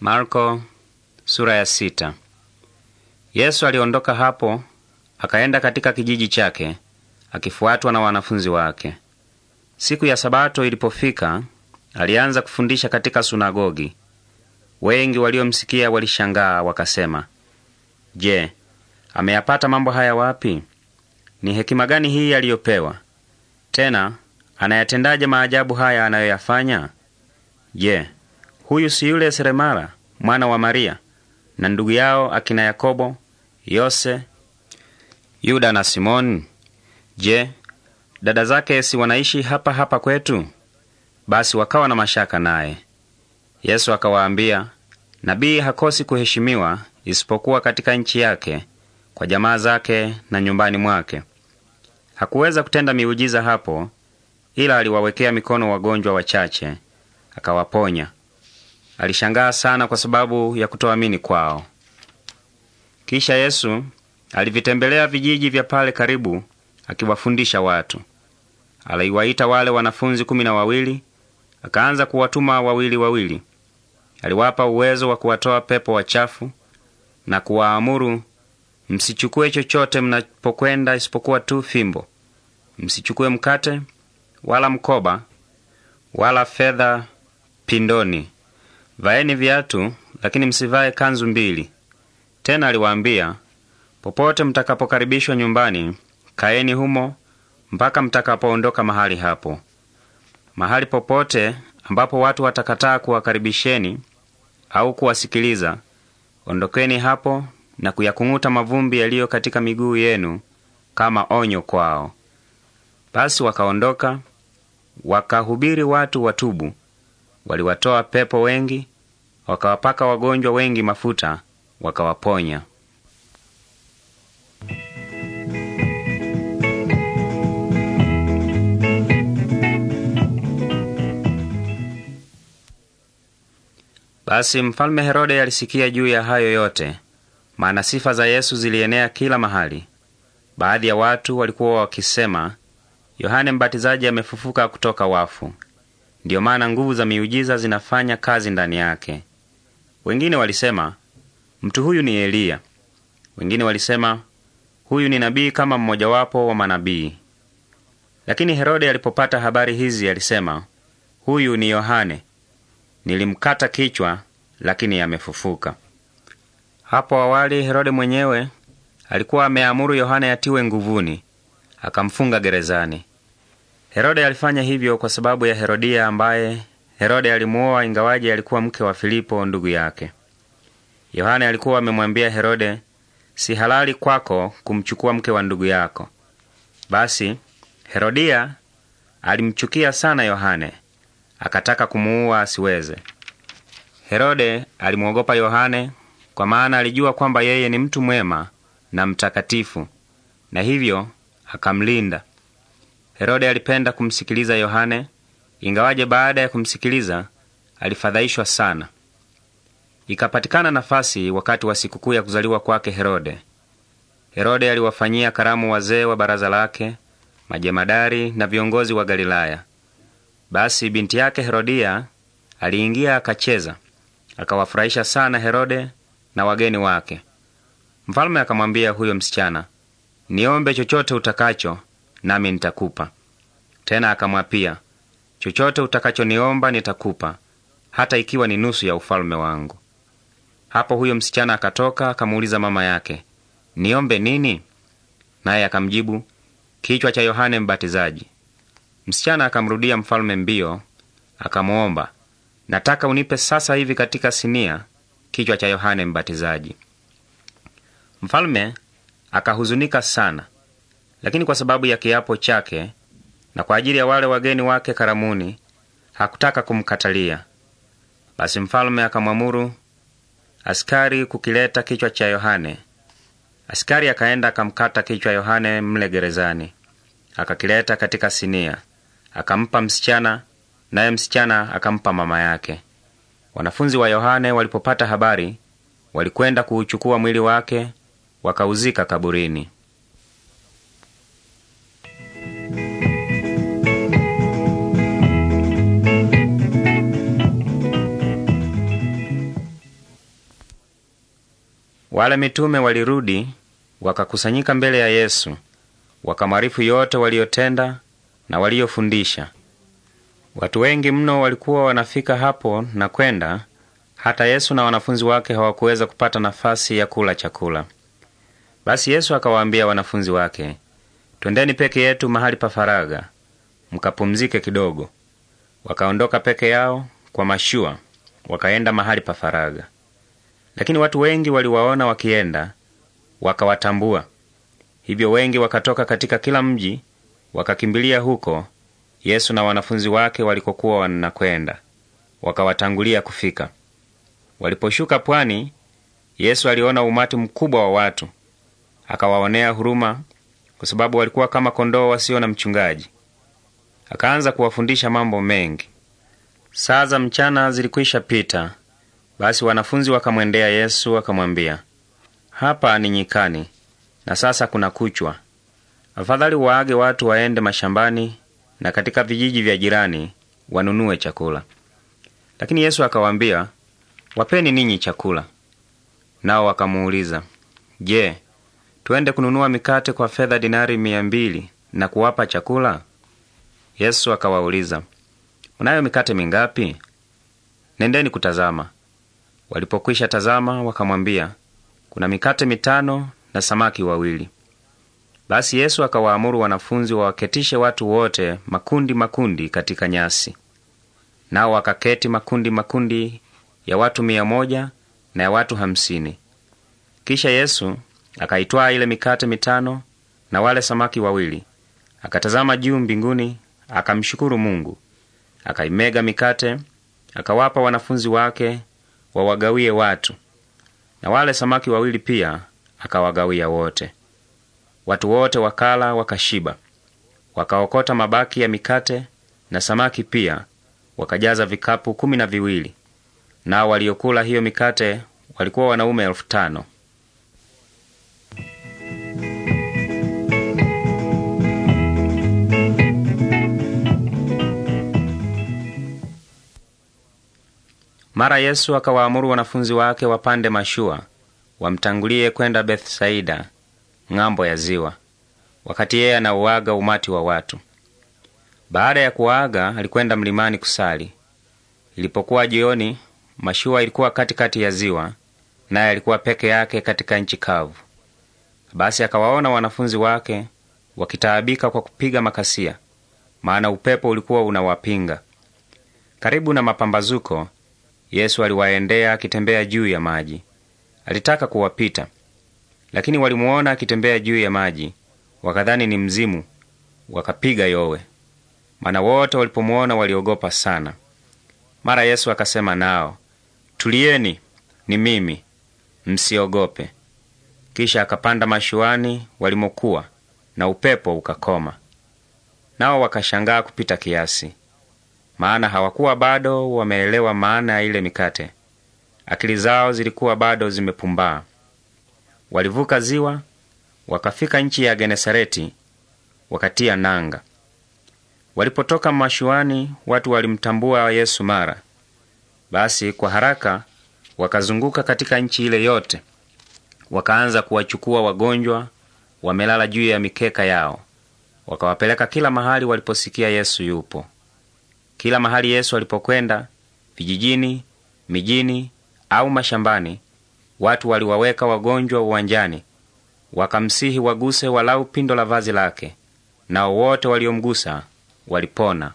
Marko, sura ya sita. Yesu aliondoka hapo akaenda katika kijiji chake akifuatwa na wanafunzi wake. Siku ya Sabato ilipofika, alianza kufundisha katika sunagogi. Wengi waliomsikia walishangaa wakasema, Je, ameyapata mambo haya wapi? Ni hekima gani hii aliyopewa? Tena anayatendaje maajabu haya anayoyafanya? Je, huyu si yule seremala mwana wa Maria na ndugu yao akina Yakobo, Yose, Yuda na Simoni? Je, dada zake si wanaishi hapa hapa kwetu? Basi wakawa na mashaka naye. Yesu akawaambia, nabii hakosi kuheshimiwa isipokuwa katika nchi yake, kwa jamaa zake na nyumbani mwake. Hakuweza kutenda miujiza hapo, ila aliwawekea mikono wagonjwa wachache akawaponya. Alishangaa sana kwa sababu ya kutoamini kwao. Kisha Yesu alivitembelea vijiji vya pale karibu, akiwafundisha watu. Aliwaita wale wanafunzi kumi na wawili, akaanza kuwatuma wawili wawili. Aliwapa uwezo wa kuwatoa pepo wachafu na kuwaamuru, msichukue chochote mnapokwenda isipokuwa tu fimbo. Msichukue mkate wala mkoba wala fedha pindoni. Vaeni viatu, lakini msivae kanzu mbili. Tena aliwaambia, popote mtakapokaribishwa nyumbani, kaeni humo mpaka mtakapoondoka mahali hapo. Mahali popote ambapo watu watakataa kuwakaribisheni au kuwasikiliza, ondokeni hapo na kuyakung'uta mavumbi yaliyo katika miguu yenu kama onyo kwao. Basi wakaondoka wakahubiri watu watubu. Waliwatoa pepo wengi wakawapaka wagonjwa wengi mafuta, wakawaponya. Basi mfalme Herode alisikia juu ya hayo yote, maana sifa za Yesu zilienea kila mahali. Baadhi ya watu walikuwa wakisema, Yohane Mbatizaji amefufuka kutoka wafu, ndiyo maana nguvu za miujiza zinafanya kazi ndani yake. Wengine walisema mtu huyu ni Eliya. Wengine walisema huyu ni nabii kama mmojawapo wa manabii. Lakini Herode alipopata habari hizi alisema, huyu ni Yohane, nilimkata kichwa, lakini amefufuka. Hapo awali Herode mwenyewe alikuwa ameamuru Yohane atiwe nguvuni, akamfunga gerezani. Herode alifanya hivyo kwa sababu ya Herodia ambaye Herode alimuoa ingawaje alikuwa mke wa Filipo ndugu yake. Yohane alikuwa amemwambia Herode, si halali kwako kumchukua mke wa ndugu yako. Basi Herodia alimchukia sana Yohane, akataka kumuua asiweze. Herode alimwogopa Yohane kwa maana alijua kwamba yeye ni mtu mwema na mtakatifu, na hivyo akamlinda. Herode alipenda kumsikiliza Yohane ingawaje baada ya kumsikiliza alifadhaishwa sana. Ikapatikana nafasi wakati wa sikukuu ya kuzaliwa kwake Herode. Herode aliwafanyia karamu wazee wa baraza lake, majemadari na viongozi wa Galilaya. Basi binti yake Herodia aliingia akacheza, akawafurahisha sana Herode na wageni wake. Mfalme akamwambia huyo msichana, niombe chochote utakacho, nami nitakupa. Tena akamwapia chochote utakachoniomba nitakupa, hata ikiwa ni nusu ya ufalme wangu. Hapo huyo msichana akatoka akamuuliza mama yake, niombe nini? Naye akamjibu, kichwa cha Yohane Mbatizaji. Msichana akamrudia mfalme mbio, akamwomba, nataka unipe sasa hivi katika sinia kichwa cha Yohane Mbatizaji. Mfalme akahuzunika sana, lakini kwa sababu ya kiapo chake na kwa ajili ya wale wageni wake karamuni hakutaka kumkatalia. Basi mfalme akamwamuru askari kukileta kichwa cha Yohane. Askari akaenda akamkata kichwa Yohane mle gerezani, akakileta katika sinia, akampa msichana, naye msichana akampa mama yake. Wanafunzi wa Yohane walipopata habari, walikwenda kuuchukua mwili wake wakauzika kaburini. Wale mitume walirudi wakakusanyika mbele ya Yesu, wakamwarifu yote waliyotenda na waliyofundisha. Watu wengi mno walikuwa wanafika hapo na kwenda, hata Yesu na wanafunzi wake hawakuweza kupata nafasi ya kula chakula. Basi Yesu akawaambia wanafunzi wake, twendeni peke yetu mahali pa faraga mkapumzike kidogo. Wakaondoka peke yao kwa mashua, wakaenda mahali pa faraga. Lakini watu wengi waliwaona wakienda, wakawatambua. Hivyo wengi wakatoka katika kila mji wakakimbilia huko Yesu na wanafunzi wake walikokuwa wanakwenda, wakawatangulia kufika. Waliposhuka pwani, Yesu aliona umati mkubwa wa watu, akawaonea huruma, kwa sababu walikuwa kama kondoo wasio na mchungaji. Akaanza kuwafundisha mambo mengi. Saa za mchana zilikwisha pita, basi wanafunzi wakamwendea Yesu wakamwambia, hapa ni nyikani na sasa kuna kuchwa. Afadhali waage watu waende mashambani na katika vijiji vya jirani wanunue chakula. Lakini Yesu akawaambia, wapeni ninyi chakula. Nao wakamuuliza, je, twende kununua mikate kwa fedha dinari mia mbili na kuwapa chakula? Yesu akawauliza, mnayo mikate mingapi? Nendeni kutazama. Walipokwisha tazama, wakamwambia, kuna mikate mitano na samaki wawili. Basi Yesu akawaamuru wanafunzi wawaketishe watu wote makundi makundi katika nyasi. Nao wakaketi makundi makundi ya watu mia moja na ya watu hamsini. Kisha Yesu akaitwaa ile mikate mitano na wale samaki wawili, akatazama juu mbinguni, akamshukuru Mungu, akaimega mikate, akawapa wanafunzi wake wawagawie watu, na wale samaki wawili pia akawagawia wote. Watu wote wakala wakashiba, wakaokota mabaki ya mikate na samaki pia, wakajaza vikapu kumi na viwili. Nao waliokula hiyo mikate walikuwa wanaume elfu tano. Mara Yesu akawaamuru wanafunzi wake wapande mashua wamtangulie kwenda Bethsaida ng'ambo ya ziwa, wakati yeye anauaga umati wa watu. Baada ya kuwaaga, alikwenda mlimani kusali. Ilipokuwa jioni, mashua ilikuwa katikati ya ziwa, naye alikuwa peke yake katika nchi kavu. Basi akawaona wanafunzi wake wakitaabika kwa kupiga makasia, maana upepo ulikuwa unawapinga. Karibu na mapambazuko Yesu aliwaendea akitembea juu ya maji. Alitaka kuwapita, lakini walimuona akitembea juu ya maji, wakadhani ni mzimu, wakapiga yowe, maana wote walipomuona waliogopa sana. Mara Yesu akasema nao, tulieni, ni mimi, msiogope. Kisha akapanda mashuani walimokuwa, na upepo ukakoma, nao wakashangaa kupita kiasi maana hawakuwa bado wameelewa maana ya ile mikate. Akili zao zilikuwa bado zimepumbaa. Walivuka ziwa wakafika nchi ya Genesareti, wakatia nanga. Walipotoka mashuani, watu walimtambua Yesu mara. Basi kwa haraka wakazunguka katika nchi ile yote, wakaanza kuwachukua wagonjwa wamelala juu ya mikeka yao, wakawapeleka kila mahali waliposikia Yesu yupo. Kila mahali Yesu alipokwenda, vijijini, mijini au mashambani, watu waliwaweka wagonjwa uwanjani, wakamsihi waguse walau pindo la vazi lake, nao wote waliomgusa walipona.